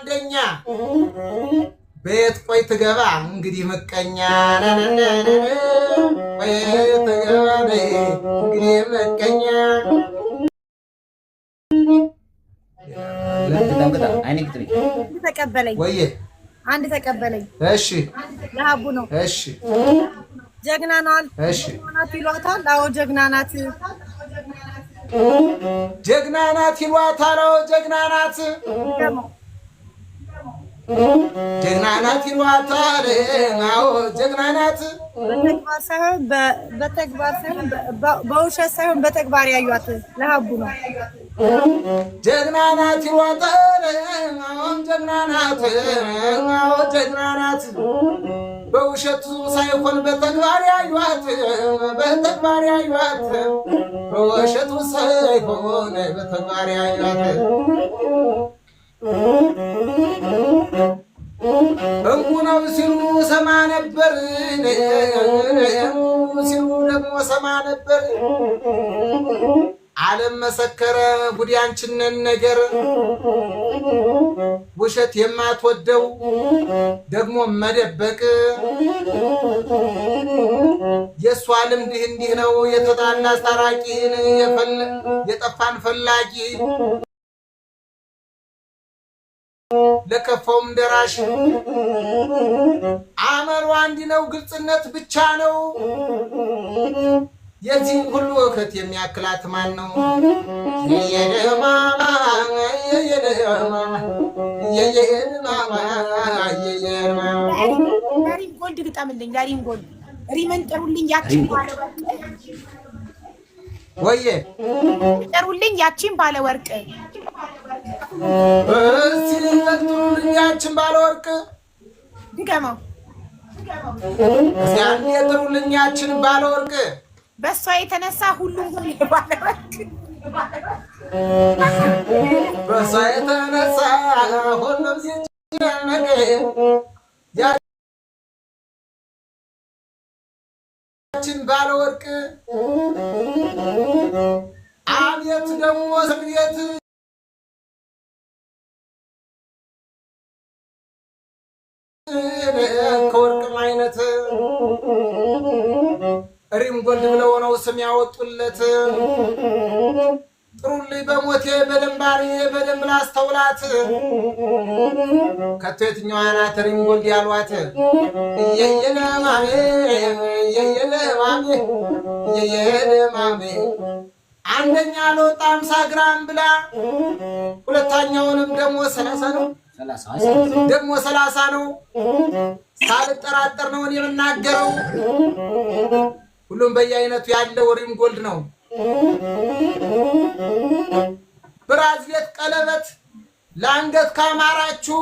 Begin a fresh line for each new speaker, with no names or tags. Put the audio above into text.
አንደኛ ቤት ቆይ ትገባ እንግዲህ ምቀኛ ትገባ እንግዲህ ምቀኛ ተቀበለኝ አንድ ተቀበለኝ። እሺ ለሀቡ ነው። እሺ ጀግና ነዋል። እሺ ናት ይሏታል። አዎ ጀግና ናት። ጀግና ናት ይሏታል። አዎ ጀግና ናት። ጀግና ናት ይሏታል። አዎ ጀግና ናት። በተግባር ሳይሆን በውሸት ሳይሆን በተግባር ያዩት ለሀቡ ነው። ጀግና ናት ይሏታል። አዎ ጀግና ናት። አዎ ጀግና ናት። በውሸቱ ሳይሆን በተግባር ያዩት፣ በተግባር ያዩት፣ በውሸቱ ሳይሆን በተግባር ያዩት ሲሉ ሰማ ነበር ሲሉ ደግሞ ሰማ ነበር። ዓለም መሰከረ ጉድ ነገር ውሸት የማትወደው ደግሞ መደበቅ የእሷ ልምድ እንዲህ ነው የተጣላ አስታራቂን የጠፋን ፈላጊ ለከፋውም ደራሽ አመሉ አንድ ነው፣ ግልጽነት ብቻ ነው። የዚህ ሁሉ እውከት የሚያክላት ማን ነው? ሪም ጎልድ ግጠምልኝ። ለሪም ጎልድ ሪምን ጥሩልኝ። ያችን ባለወርቅ ወየ ጥሩልኝ። ያችን ባለወርቅ እስቲ ልንበትሩልኛችን ባለወርቅ ድገመው። እስቲ ጥሩልኛችን ባለወርቅ በእሷ የተነሳ ሁሉም በእሷ የተነሳ ሁሉም ሲጨነቅ ችን ባለወርቅ አቤት ደግሞ ስግየት ከወርቅም አይነት ሪም ጎልድ ብለው ነው ስም ያወጡለት። ጥሩልኝ በሞቴ በደንባሬ በደንብ ላስተውላት። ከቶ የትኛው ናት ሪም ጎልድ ያሏት? የየለ ማሜ የየለ ማሜ አንደኛ ለወጣ አምሳ ግራም ብላ ሁለተኛውንም ደግሞ ሰላሳ ነው ደግሞ ሰላሳ ነው። ሳልጠራጠር ነው እኔ የምናገረው። ሁሉም በየአይነቱ ያለው ሪም ጎልድ ነው። ብራዝሌት ቀለበት ለአንገት ካማራችሁ